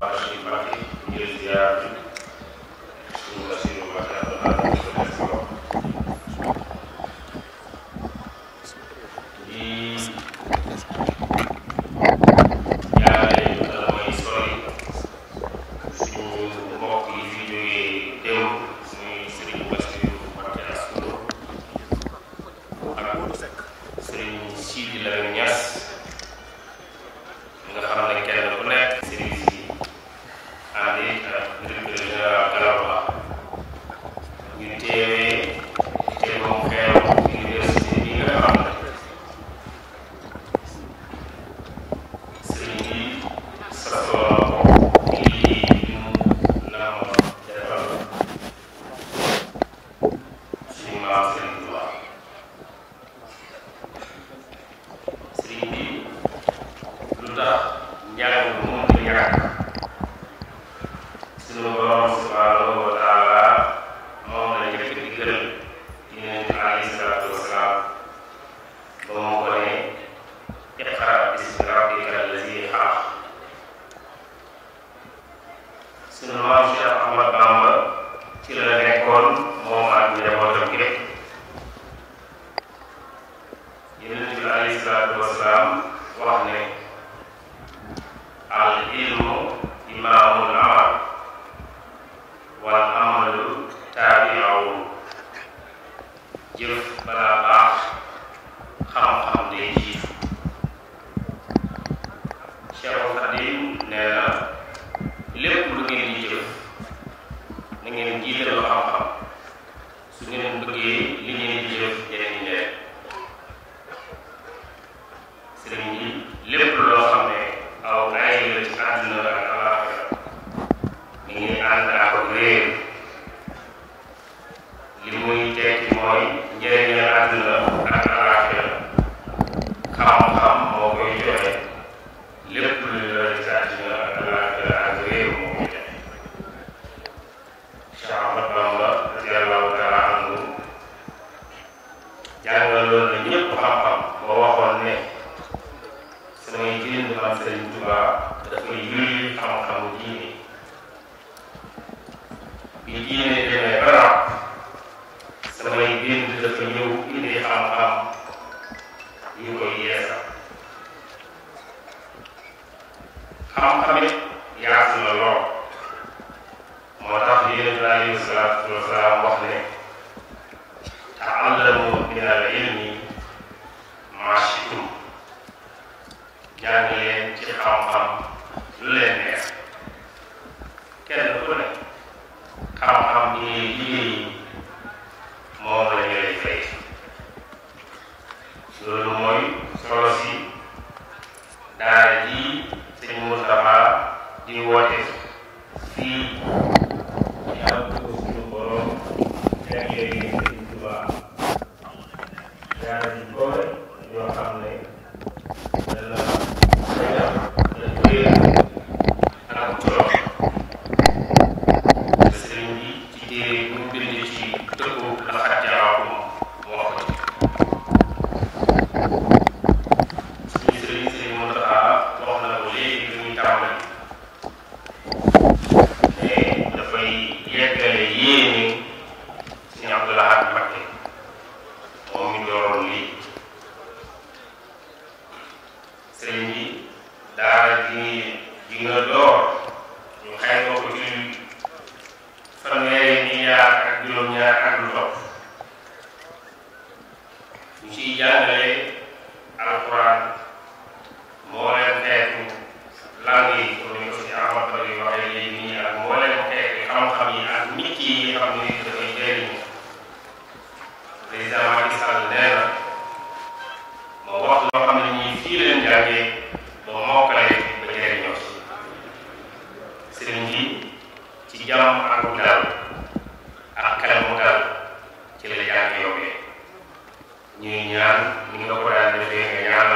para mënta yàlla bu mu taala moom la njëkk di gërëm ci yonente alayhi salaatu wasalaam ba moo ko ne iqra bismi rabbika allazi xalaq suñu maam Cheikh Ahmad Bamba ci la jëf balaa baax xam-xam day jiitu Cheikhul Khadim nee lépp lu ngeen di jëf na ngeen jiital xam-xam su ngeen bëggee li ngeen di jëf jëriñ leen sëriñ bi lépp loo xam ne aw ay la ci àdduna ak alaaxira mi ngi ànd ak réer li muy mooy njëriñal àdduna ak alaaxira xam-xam moo koy joxe lépp lu ñu doon ci àdduna ak alaaxira ak moo koy joxe Cheikh Ahmad Bamba radiyallahu taala anhu jàngaloon na ñëpp xam-xam ba waxoon ne samay jënd man Sëriñ Tuubaa dafa yulli xam-xamu diine bi diine demee xam-xam it yaatu moo tax yonent bi alayhi salaatu wa salaam wax ne taallamu min al ilmi maa shi'tum jàng leen ci xam-xam lu leen neex kenn ku ne xam-xam bi ngay bi sëñ Moustapha di woote fii yàlla dugg suñu borom jagleel yi sëñ Tuubaa yaara ji koore juróom-ñaar ak lu topp ñu ciy jàngale alquran mbooleem xeetu langue yi comme ni ko si Ahmad Bari waxee léegi nii ak mbooleem xeetu xam-xam yi ak métier yi nga xam ne dafay jëriñ président Macky Sall nee na moo wax ba mokkale ba jëriñoo si sëriñ ci jàmm ak dal ñii ñaan ñi nga ko được defee nga ñaan